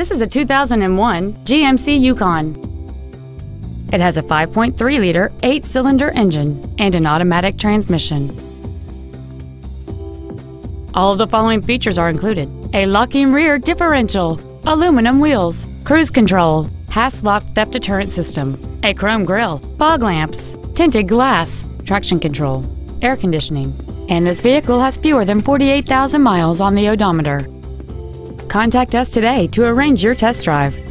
This is a 2001 GMC Yukon. It has a 5.3-liter eight-cylinder engine and an automatic transmission. All of the following features are included. A locking rear differential, aluminum wheels, cruise control, pass-lock theft deterrent system, a chrome grille, fog lamps, tinted glass, traction control, air conditioning, and this vehicle has fewer than 48,000 miles on the odometer. Contact us today to arrange your test drive.